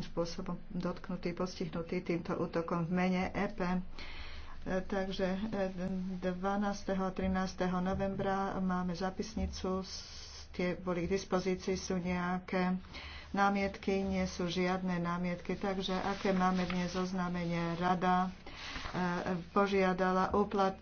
spôsobom dotknutý, postihnutý týmto útokom v mene EP. E, takže 12. E, a 13. novembra máme zapisnicu, tie boli k dispozícii, sú nejaké námietky, nie sú žiadne námietky, takže aké máme dnes oznámenie rada e, požiadala uplatniť